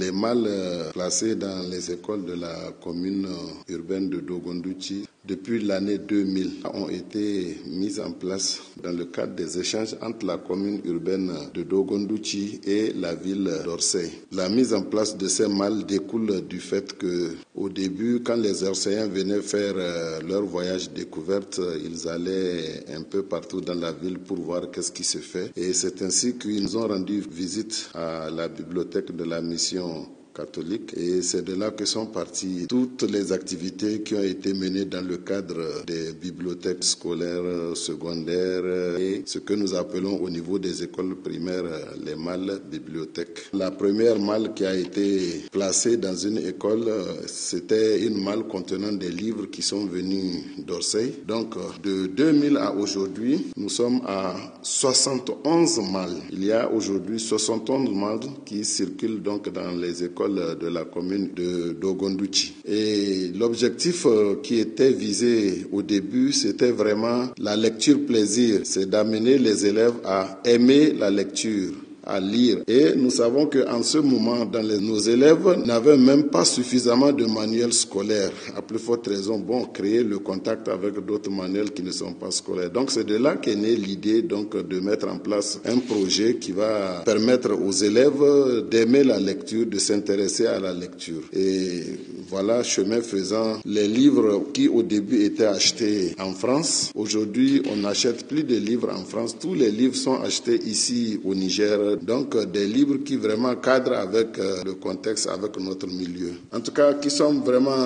les mâles euh, placés dans les écoles de la commune euh, urbaine de Dogonduchi depuis l'année 2000 ont été mises en place dans le cadre des échanges entre la commune urbaine de Dogondouchi et la ville d'Orsay. La mise en place de ces malles découle du fait que au début quand les Orsayens venaient faire euh, leur voyage découverte, ils allaient un peu partout dans la ville pour voir qu'est-ce qui se fait et c'est ainsi qu'ils ont rendu visite à la bibliothèque de la mission catholique et c'est de là que sont parties toutes les activités qui ont été menées dans le cadre des bibliothèques scolaires, secondaires et ce que nous appelons au niveau des écoles primaires les malles bibliothèques. La première malle qui a été placée dans une école, c'était une malle contenant des livres qui sont venus d'Orsay. Donc de 2000 à aujourd'hui, nous sommes à 71 malles. Il y a aujourd'hui 71 malles qui circulent donc dans les écoles de la commune de Dogondouchi. Et l'objectif euh, qui était visé au début, c'était vraiment la lecture plaisir, c'est d'amener les élèves à aimer la lecture à lire. Et nous savons qu'en ce moment, dans nos élèves n'avaient même pas suffisamment de manuels scolaires. À plus forte raison, bon, créer le contact avec d'autres manuels qui ne sont pas scolaires. Donc c'est de là qu'est née l'idée donc de mettre en place un projet qui va permettre aux élèves d'aimer la lecture, de s'intéresser à la lecture. Et voilà, chemin faisant, les livres qui au début étaient achetés en France, aujourd'hui on n'achète plus de livres en France. Tous les livres sont achetés ici au Niger euh, donc euh, des livres qui vraiment cadrent avec euh, le contexte, avec notre milieu. En tout cas, qui sont vraiment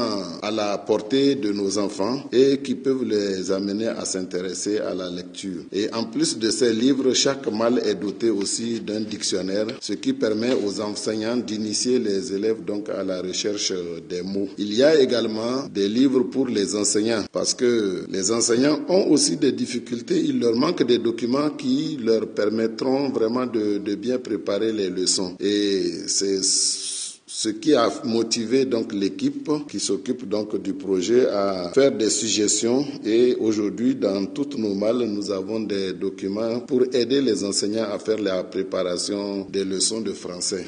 à la portée de nos enfants et qui peuvent les amener à s'intéresser à la lecture. Et en plus de ces livres, chaque mal est doté aussi d'un dictionnaire, ce qui permet aux enseignants d'initier les élèves donc à la recherche des mots. Il y a également des livres pour les enseignants parce que les enseignants ont aussi des difficultés. Il leur manque des documents qui leur permettront vraiment de bien préparer les leçons. Et c'est ce qui a motivé donc l'équipe qui s'occupe donc du projet à faire des suggestions et aujourd'hui dans toutes nos malles nous avons des documents pour aider les enseignants à faire la préparation des leçons de français.